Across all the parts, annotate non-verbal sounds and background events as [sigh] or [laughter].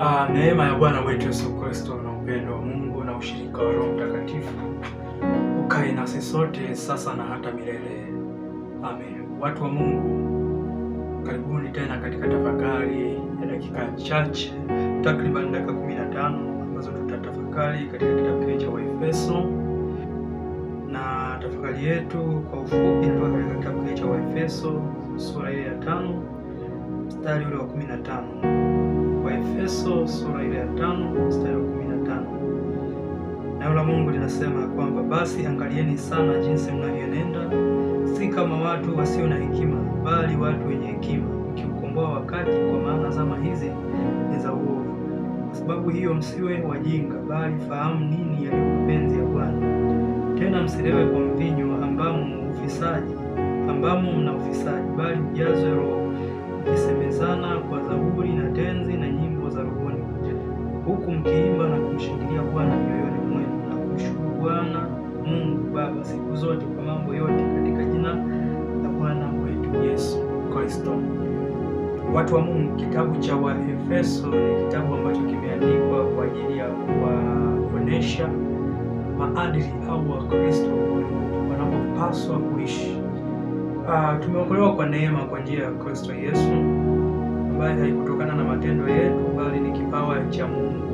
Uh, neema ya Bwana wetu Yesu Kristo na upendo wa Mungu na ushirika wa Roho Mtakatifu ukae nasi sote sasa na hata milele. Amen. Watu wa Mungu, karibuni tena katika tafakari ya dakika chache, takriban dakika tano ambazo tutatafakari katika kitabu kile cha Waefeso, na tafakari yetu kwa ufupi inatoka katika kitabu kile cha Waefeso sura ile ya tano mstari ule wa tano Waefeso sura ile ya tano mstari wa kumi na tano. Neno la Mungu linasema kwamba basi angalieni sana jinsi mnavyoenenda, si kama watu wasio na hekima, bali watu wenye hekima, mkiukomboa wakati, kwa maana zama hizi ni za uovu. Kwa sababu hiyo msiwe wajinga, bali fahamu nini yaliyo mapenzi ya Bwana. Tena msilewe kwa mvinyo, ambamo ufisaji ambamo mna ufisaji, bali mjazwe Roho, mkisemezana kwa zaburi na tenzi huku mkiimba na kumshangilia Bwana mioyoni mwenu na kumshukuru Bwana Mungu Baba siku zote kwa mambo yote katika jina la Bwana wetu Yesu Kristo. Watu wa Mungu, kitabu cha Waefeso ni kitabu ambacho kimeandikwa kwa ajili ya kuwaonesha maadili au Wakristo wanapopaswa kuishi. Uh, tumeokolewa kwa neema kwa njia ya Kristo Yesu ambaye haikutokana na matendo yetu, bali ni kipawa cha Mungu.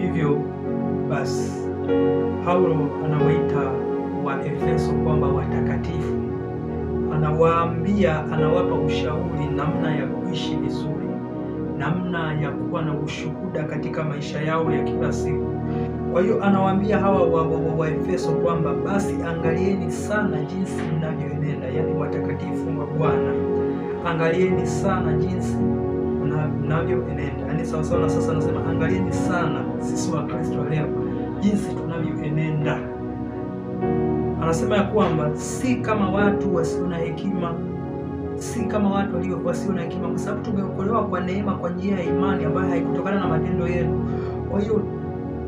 Hivyo basi Paulo anawaita wa Efeso kwamba watakatifu, anawaambia, anawapa ushauri namna ya kuishi vizuri, namna ya kuwa na ushuhuda katika maisha yao ya kila siku. Kwa hiyo anawaambia hawa wa, wa, wa Efeso kwamba basi angalieni sana jinsi mnavyoenenda, yaani watakatifu wa Bwana angalieni sana jinsi mnavyoenenda. Yaani sawasawa na sasa nasema angalieni sana sisi Kristo wa leo jinsi tunavyoenenda. Anasema ya kwamba si kama watu wasio na hekima, si kama watu walio wasio na hekima, kwa sababu tumeokolewa kwa neema, kwa njia ya imani ambayo haikutokana na matendo yenu. Kwa hiyo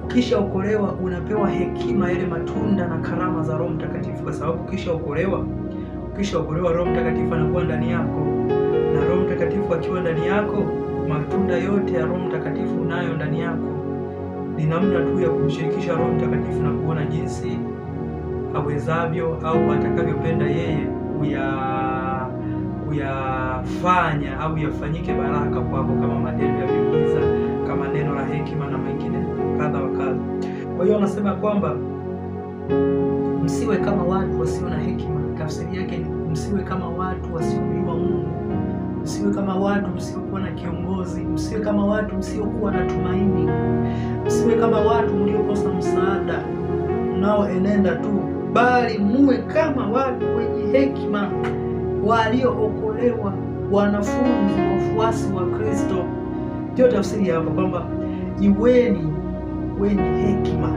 kisha okolewa unapewa hekima, yale matunda na karama za Roho Mtakatifu, kwa sababu kisha okolewa, kisha okolewa Roho Mtakatifu anakuwa ndani yako na Roho Mtakatifu akiwa ndani yako, matunda yote ya Roho Mtakatifu unayo ndani yako. Ni namna tu ya kumshirikisha Roho Mtakatifu na kuona jinsi awezavyo au atakavyopenda yeye kuya kuyafanya au yafanyike baraka kwako, kama matendo ya miujiza, kama neno la hekima na mengine kadha wa kadha. Kwa hiyo anasema kwamba msiwe kama watu wasio na hekima. Tafsiri yake msiwe kama watu wasio Msiwe kama watu msiokuwa na kiongozi, msiwe kama watu msiokuwa na tumaini, msiwe kama watu mliokosa msaada mnaoenenda tu, bali muwe kama watu wenye hekima, waliookolewa, wanafunzi, wafuasi wa Kristo. Ndio tafsiri hapa kwamba iweni wenye hekima,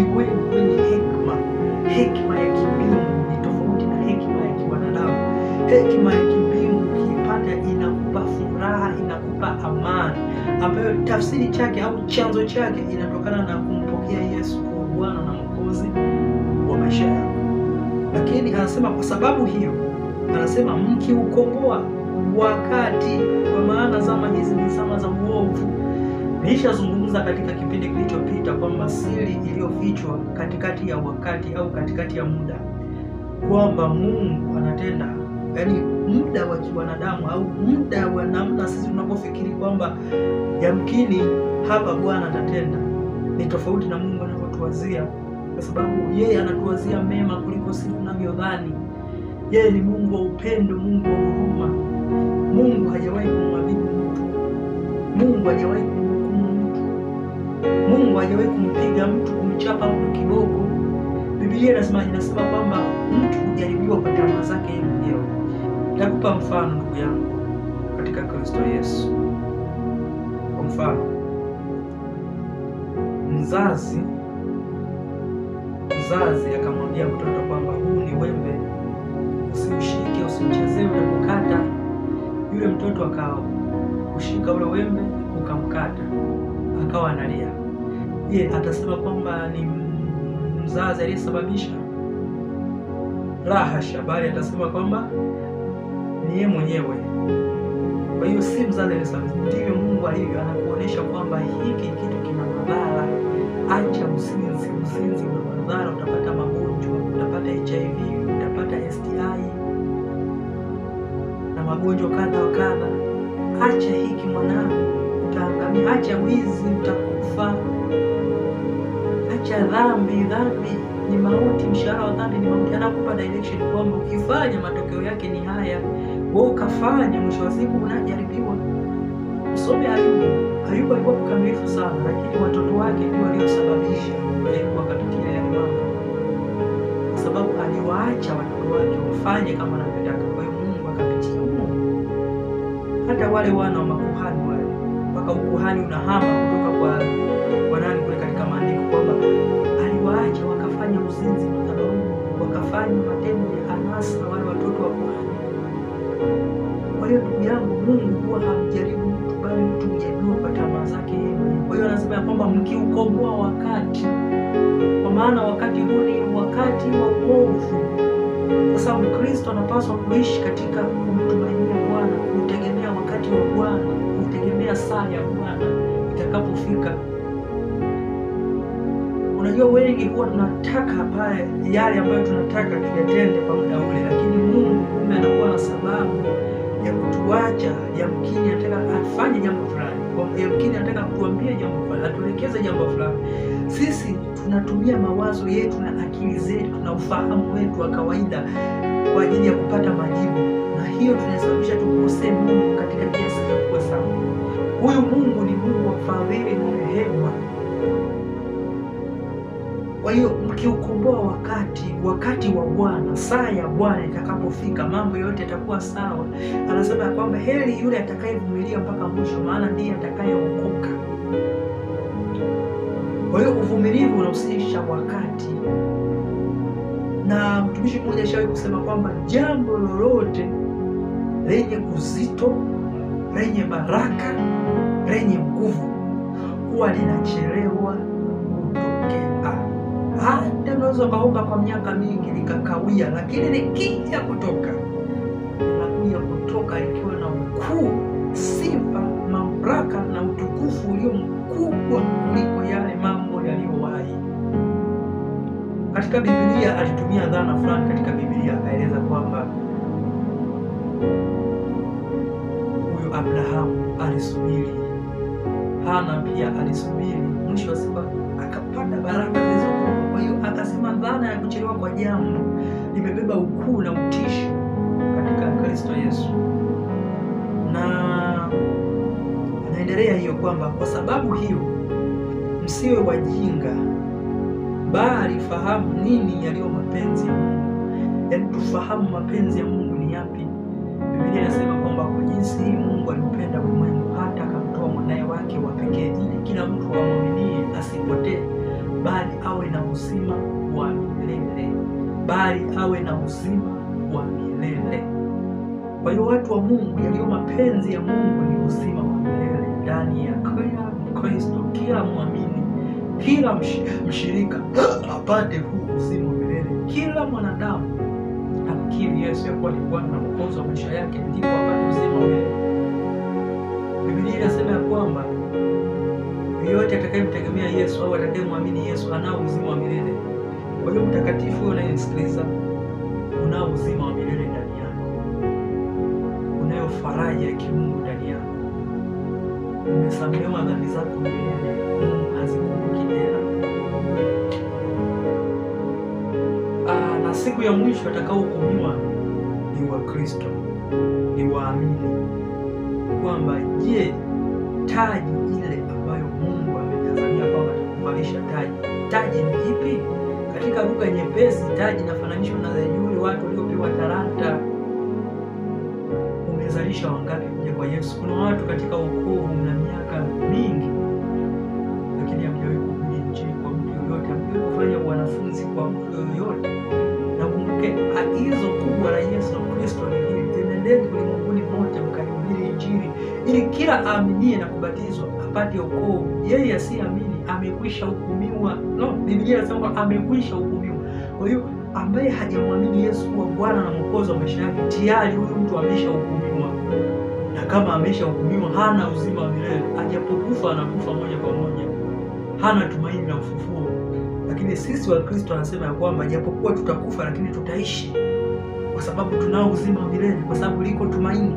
iweni wenye hekima. Hekima ya kimungu ni tofauti na hekima ya kiwanadamu. hekima ya kumpa amani, ambayo tafsiri chake au chanzo chake inatokana na kumpokea Yesu kwa Bwana na Mwokozi wa maisha yako. Lakini anasema kwa sababu hiyo, anasema mkiukomboa wakati, kwa maana zama hizi ni zama za uovu. Nilishazungumza katika kipindi kilichopita kwamba siri iliyofichwa katikati ya wakati au katikati ya muda kwamba Mungu anatenda yani muda wa kiwanadamu au muda wa namna sisi tunapofikiri kwamba yamkini hapa Bwana atatenda ni tofauti na Mungu anavyotuwazia, kwa sababu yeye anatuwazia mema kuliko sisi tunavyodhani. Yeye ni Mungu wa upendo, Mungu wa huruma. Mungu hajawahi kumwadhibu mtu, Mungu hajawahi kumhukumu mtu, Mungu hajawahi kumpiga mtu, kumchapa mtu kiboko. Biblia inasema kwamba mtu hujaribiwa kwa tamaa zake yeye mwenyewe. Nitakupa mfano ndugu yangu katika Kristo Yesu. Kwa mfano, mzazi mzazi akamwambia mtoto kwamba huu ni wembe, usiushike, usimchezee, utakukata. Yule mtoto akao kushika ule wembe ukamkata, akawa analia. Je, atasema kwamba ni mzazi aliyesababisha? La hasha, bali atasema kwamba ni yeye mwenyewe. Kwa hiyo si mzalesa, ndivyo Mungu alivyo, anakuonesha kwamba hiki kitu kina madhara. Acha usinzi. Usinzi una madhara, utapata magonjwa, utapata HIV, utapata STI na magonjwa kadha wa kadha. Acha hiki mwanangu, utaangamia. Acha wizi, utakufa. Acha dhambi. Dhambi ni mauti, mshahara wa dhambi ni mauti. Anakupa direction kwamba ukifanya matokeo yake ni haya kwa hiyo ukafanya, mwisho wa siku unajaribiwa. Usome Ayubu. Ayubu alikuwa mkamilifu sana, lakini watoto wake ndio waliosababisha Ayubu akapitia yale mambo, kwa sababu aliwaacha watoto wake wafanye kama anavyotaka. Kwa hiyo Mungu akapitia Mungu hata wale wana wa makuhani wale, mpaka ukuhani unahama kutoka kwa wanani kule katika maandiko kwamba aliwaacha wakafanya uzinzi madhabahu, wakafanya matendo ya anasa wale watoto wa kuhani kwa hiyo ndugu yangu, Mungu huwa hamjaribu mtu, bali mtu hujaribiwa kwa tamaa zake yeye. Kwa hiyo anasema ya kwamba mkiukomboa wakati, kwa maana wakati huu ni wakati wa uovu. Sasa Mkristo anapaswa kuishi katika kumtumainia Bwana, kutegemea wakati wa Bwana, kutegemea saa ya Bwana itakapofika. Unajua, wengi huwa tunataka pale yale ambayo tunataka tuyatende kwa muda ule, lakini Mungu kumbe anakuwa na sababu kutuacha, yamkini anataka afanye jambo fulani, yamkini anataka kutuambia jambo fulani, atuelekeze jambo fulani. Sisi tunatumia mawazo yetu na akili zetu na ufahamu wetu wa kawaida kwa ajili ya kupata majibu, na hiyo tunasababisha tukose Mungu katika kiasi kikubwa sana. Huyu Mungu ni Mungu wa fadhili na rehema, kwa hiyo Ukiukomboa wakati, wakati wa Bwana, saa ya Bwana itakapofika, mambo yote yatakuwa sawa. Anasema ya kwamba heri yule atakayevumilia mpaka mwisho, maana ndiye atakayeokoka. Kwa hiyo uvumilivu unahusisha wakati, na mtumishi mmoja ashawahi kusema kwamba jambo lolote lenye uzito, lenye baraka, lenye nguvu huwa linachelewa hata unaweza ukaomba kwa miaka mingi likakawia, lakini likija kutoka nakuja kutoka ikiwa na ukuu, sifa, mamlaka na utukufu ulio mkubwa kuliko yale mambo yaliyowahi. Katika Biblia alitumia dhana fulani katika Biblia akaeleza kwamba huyu Abrahamu alisubiri, Hana pia alisubiri, mwisho wa sifa akapata baraka vizuri akasema dhana ya kuchelewa kwa jambo limebeba ukuu na utishi katika Kristo Yesu, na inaendelea hiyo kwamba kwa sababu hiyo msiwe wajinga, bali fahamu nini yaliyo mapenzi ya Mungu. Yaani tufahamu mapenzi ya Mungu ni yapi. Biblia inasema kwamba kwa jinsi hii Mungu alimpenda ulimwengu hata akamtoa mwanaye wake wa pekee, ili kila mtu amwaminie asipotee, bali awe na uzima bali awe na uzima wa milele. Kwa hiyo watu wa Mungu, yaliyo mapenzi ya Mungu ni uzima wa milele ndani ya kila kila mwamini, kila msh, mshirika [gasps] apate huu uzima wa milele. Kila mwanadamu amkiri Yesu yako ni Bwana na Mwokozi wa maisha yake, ndipo apate uzima wa milele. Biblia inasema ya kwamba yeyote atakayemtegemea Yesu au atakayemwamini Yesu anao uzima wa milele. Kwa hiyo mtakatifu yule unayenisikiliza, unao uzima wa milele ndani yako, unayo faraja ya kimungu ndani yako, umesamehewa dhambi zako milele, hazikumbuki tena. Ah, na siku ya mwisho atakaohukumiwa ni Wakristo, ni waamini kwamba je, taji ile ambayo Mungu amejazania kwamba atakuvalisha taji, taji ni ipi? katika lugha nyepesi taji inafananishwa na Zaburi, watu waliopewa talanta. Umezalisha wangapi kuja kwa Yesu? Kuna watu katika wokovu na miaka mingi, lakini hamjawahi kuhubiri Injili kwa mtu yoyote, hamjawahi kufanya wanafunzi kwa mtu yoyote. Na kumbuke agizo kubwa la Yesu na Kristo liitenendeni ulimwenguni mote, mkahubiri Injili ili kila aaminie na kubatizwa apate wokovu, yeye asiamini amekwisha hukumiwa. No, Biblia inasema kwamba amekwisha hukumiwa. Kwa hiyo ambaye hajamwamini Yesu kuwa Bwana na Mwokozi wa maisha yake, tayari huyu mtu ameshahukumiwa, na kama ameshahukumiwa hana uzima wa milele. Ajapokufa anakufa moja kwa moja, hana tumaini la ufufuo. Lakini sisi wa Kristo anasema ya kwamba japokuwa tutakufa, lakini tutaishi kwa sababu tunao uzima wa milele, kwa sababu liko tumaini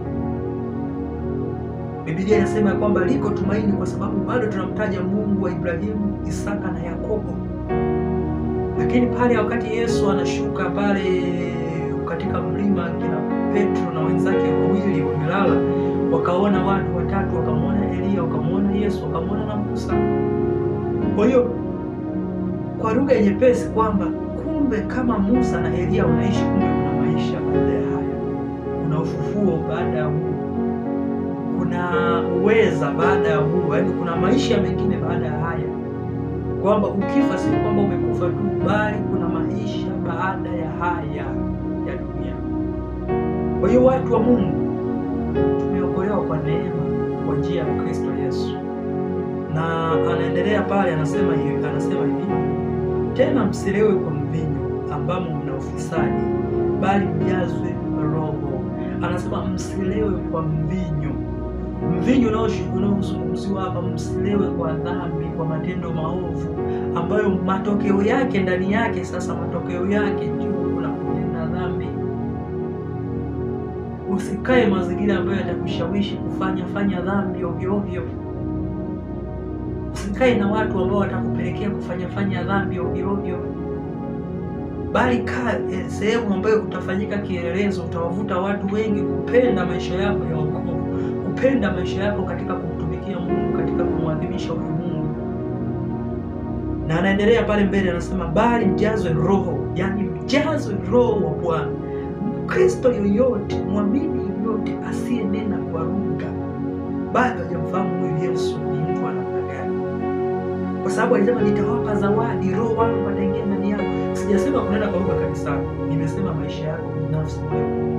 Biblia inasema kwamba liko tumaini, kwa sababu bado tunamtaja Mungu wa Ibrahimu, Isaka na Yakobo. Lakini pale wakati Yesu anashuka pale katika mlima, kina Petro na wenzake wawili wamelala, wakaona watu watatu, wakamwona elia wakamwona Yesu, wakamwona na Musa. Kwa hiyo kwa lugha nyepesi kwamba kumbe kama Musa na elia wanaishi, kumbe kuna maisha baada ya haya, kuna ufufuo baada ya uweza baada ya huu, yaani kuna maisha mengine baada ya haya, kwamba ukifa si kwamba umekufa tu, bali kuna maisha baada ya haya ya dunia. Kwa hiyo watu wa Mungu tumeokolewa kwa neema kwa njia ya Kristo Yesu, na anaendelea pale, anasema hivi, anasema hivi tena, msilewe kwa mvinyo ambamo mna ufisadi, bali mjazwe Roho. Anasema msilewe kwa mvinyo Mvinyo unaozungumziwa hapa, msilewe kwa dhambi, kwa matendo maovu ambayo matokeo yake ndani yake sasa, matokeo yake juu na kutenda dhambi. Usikae mazingira ambayo yatakushawishi kufanya fanya dhambi ovyo ovyo. Usikae na watu ambao watakupelekea kufanya fanya dhambi ovyo ovyo, bali kaa eh, sehemu ambayo utafanyika kielelezo, utawavuta watu wengi kupenda maisha yako ya kupenda maisha yako katika kumtumikia Mungu, katika kumwadhimisha huyu Mungu. Na anaendelea pale mbele, anasema bali mjazwe Roho, yani mjazwe Roho wa Bwana. Mkristo yoyote, mwamini yoyote asiyenena kwa lugha bado hajamfahamu huyu Yesu ni mtu wa namna gani, kwa sababu alisema nitawapa zawadi, Roho wangu ataingia ndani yako. Sijasema kunena kwa lugha kanisani, nimesema maisha yako binafsi wewe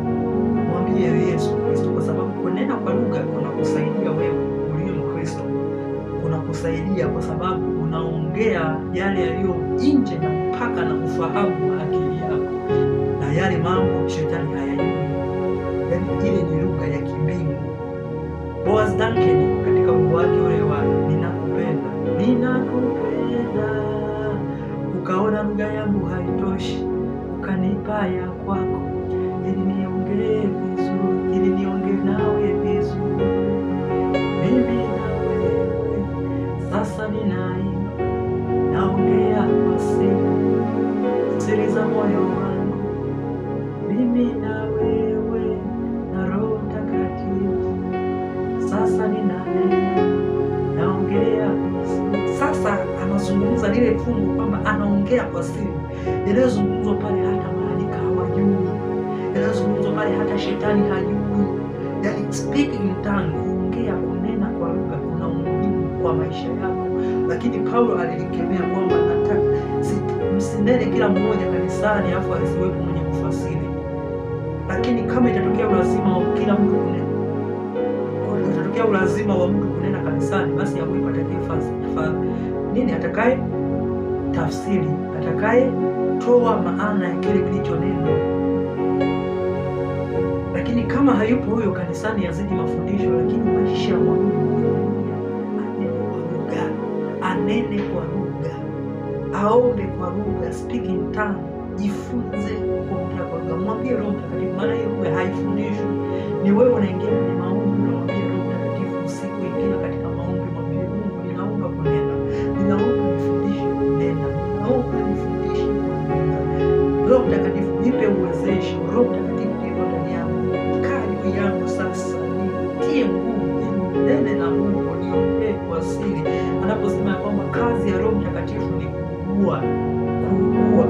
Yeah. moyo wangu mimi na wewe na Roho Mtakatifu. Sasa ninanena, naongea. Sasa anazungumza lile fungu kwamba anaongea kwa siri yanayozungumzwa pale, hata malaika hawajui, yanayozungumzwa pale, hata shetani hajui. Yani speaking tongue, kuongea, kunena kwa lugha kuna umuhimu kwa maisha yako, lakini Paulo alilikemea kwamba nataka msindeni kila mmoja kanisani afu asiwepo mwenye kufasiri, lakini kama itatokea ulazima wa kila mtu kunena, itatokea ulazima wa mtu kunena kanisani, basi amuipatakifa nini? Atakaye tafsiri, atakaye toa maana ya kile kilicho neno lakini kama hayupo huyo kanisani, yazidi mafundisho, lakini maisha ya Mungu anene kwa lugha, anene kwa aombe kwa lugha, speak in tongue, jifunze kuongea kwa lugha. Mwambie Roho Mtakatifu, maana hiyo lugha haifundishwi, ni wewe unaingia kwenye maombi, unamwambia Roho Mtakatifu. usiku ingia katika maombi, mwambie Mungu, ninaomba kunena, ninaomba nifundishe kunena, naomba nifundishe kunena. Roho Mtakatifu, nipe uwezeshi, Roho Mtakatifu kuua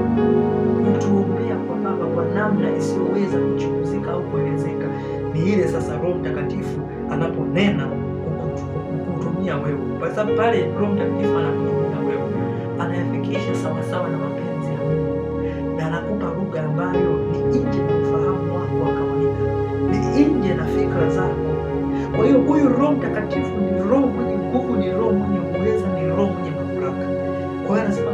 kutuombea kwa Baba kwa namna isiyoweza kuchunguzika au kuelezeka. Ni ile sasa Roho Mtakatifu anaponena kukutumia wewe, kwa sababu pale Roho Mtakatifu anakutumia wewe, anayafikisha sawasawa na mapenzi ya Mungu na anakupa lugha ambayo ni nje na ufahamu wako wa kawaida, ni nje na fikra zako. Kwa hiyo huyu Roho Mtakatifu ni roho mwenye nguvu, ni roho mwenye uweza, ni roho mwenye mamlaka. Kwa hiyo anasema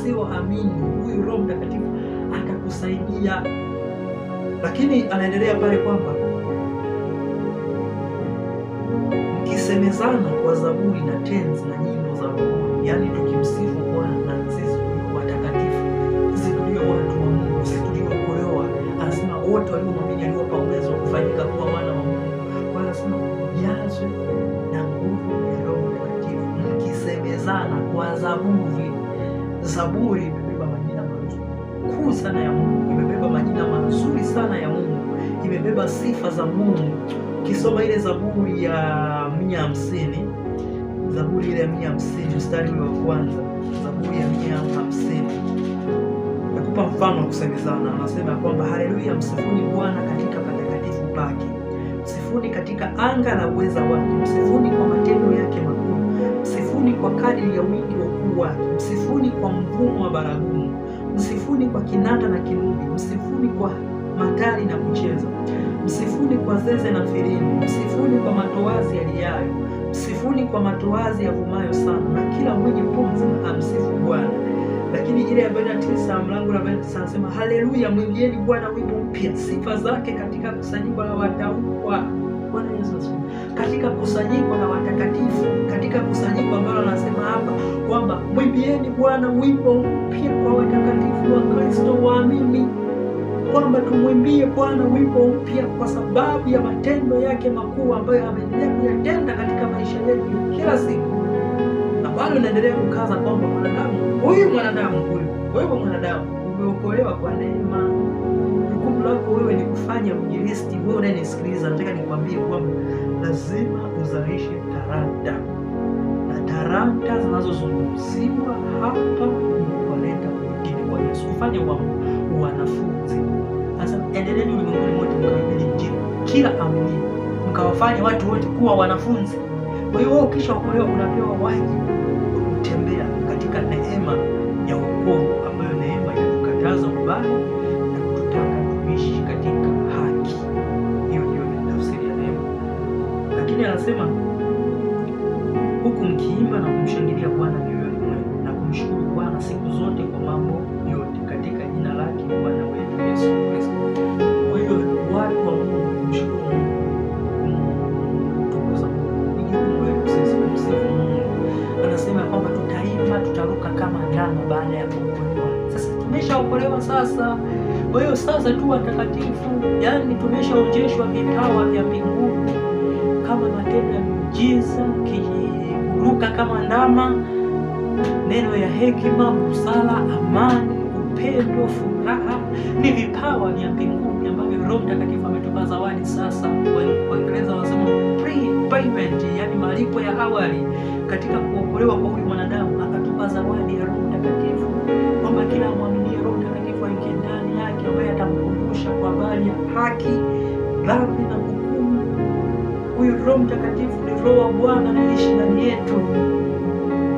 wasioamini, huyu Roho Mtakatifu atakusaidia. Lakini anaendelea pale kwamba mkisemezana kwa zaburi na tenzi na nyimbo za Mungu, yaani tukimsifu Bwana sisi tulio watakatifu, sisi tulio watu wa Mungu, sisi tuliokolewa. Anasema wote waliomwamini aliwapa uwezo wa kufanyika kuwa wana wa Mungu. Anasema ujazwe na nguvu ya Roho Mtakatifu mkisemezana kwa zaburi Zaburi imebeba majina mazuri kuu sana ya Mungu, imebeba majina mazuri sana ya Mungu, imebeba sifa za Mungu. Ukisoma ile Zaburi ya mia hamsini Zaburi ile ya mia hamsini mstari wa kwanza Zaburi ya mia hamsini nakupa mfano wa kusemezana, anasema kwamba haleluya, msifuni Bwana katika patakatifu pake, msifuni katika anga la uweza wake, msifuni kwa matendo yake msifuni kwa kadiri ya wingi wa ukuu wake, msifuni kwa mvumo wa baragumu, msifuni kwa kinanda na kinubi, msifuni kwa matari na kucheza, msifuni kwa zeze na firimbi, msifuni kwa matoazi yaliyayo msifuni kwa matoazi yavumayo sana, na kila mwenye pumzi amsifu Bwana. Lakini ile arobaini na tisa mlango arobaini na tisa anasema haleluya, mwimbieni Bwana wimbo mpya, sifa zake katika kusanyiko la watauwa Bwana Yesu asifiwe. Katika kusanyiko la watakatifu, katika kusanyiko ambalo anasema hapa kwamba mwimbieni Bwana wimbo mpya kwa watakatifu wa Kristo waamini, kwamba tumwimbie Bwana wimbo mpya kwa sababu ya matendo yake makuu ambayo ameendelea kuyatenda katika maisha yetu kila siku, na bado naendelea kukaza kwamba mwanadamu huyu, mwanadamu huyu, wewe mwanadamu umeokolewa kwa neema. Jukumu lako wewe ni kufanya mjilisti. Wewe unayenisikiliza, nataka nikwambie kwamba lazima uzalishe talanta, na talanta zinazozungumziwa hapa waleta wengine kwa Yesu, ufanye wanafunzi. Sasa endeleeni ulimwenguni mote mkahubiri Injili, kila amini, mkawafanye watu wote kuwa wanafunzi. Kwa hiyo ukishaokolewa unapewa wajibu kutembea Biblia anasema huku mkiimba na kumshangilia Bwana mioyoni mwenu na kumshukuru Bwana siku zote kwa mambo yote katika jina lake Bwana wetu Yesu Kristo. Kwa hiyo watu wa Mungu anasema kwamba tutaimba, tutaruka kama ndama baada ya kuokolewa. Sasa tumeshaokolewa sasa. Kwa hiyo sasa tu watakatifu, yaani tumeshaonjeshwa vipawa vya mbinguni kama matendo ya miujiza, kiruka kama ndama, neno ya hekima, busara, amani, upendo, furaha ni vipawa vya mbinguni ambavyo Roho Mtakatifu ametupa zawadi. Sasa Waingereza wanasema prepayment, yani malipo ya awali katika kuokolewa kwa huyu mwanadamu, akatupa zawadi ya Roho Mtakatifu kwamba kila mwaminie Roho Mtakatifu aingie ndani yake, ambaye atamkumbusha kwa habari ya haki, dhambi na huyu Roho Mtakatifu ni Roho wa Bwana anaishi ndani yetu,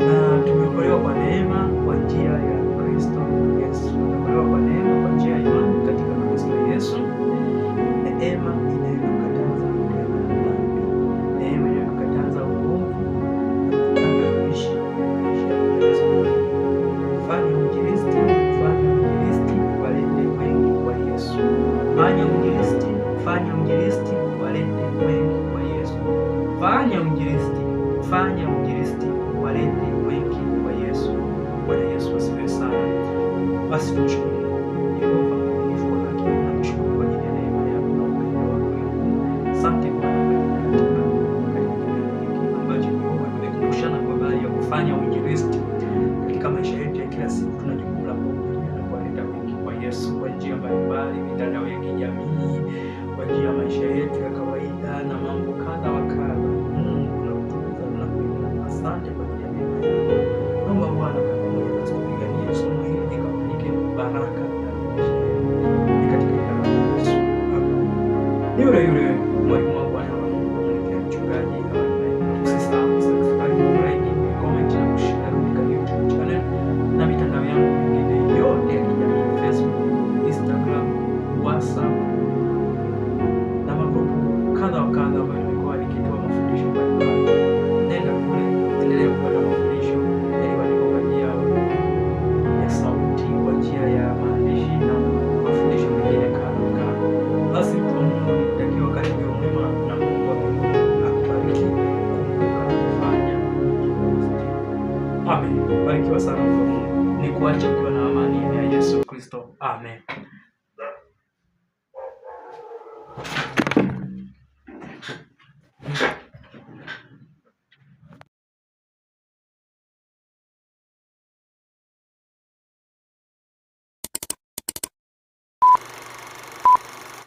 na tumeokolewa kwa neema kwa njia ya Kristo Yesu, tumeokolewa kwa neema kwa njia mbalimbali, mitandao ya kijamii, kwa njia ya maisha yetu ya kawaida na mambo kadha wa kadha. Mungu mm, na nakuinua. Asante. Amén.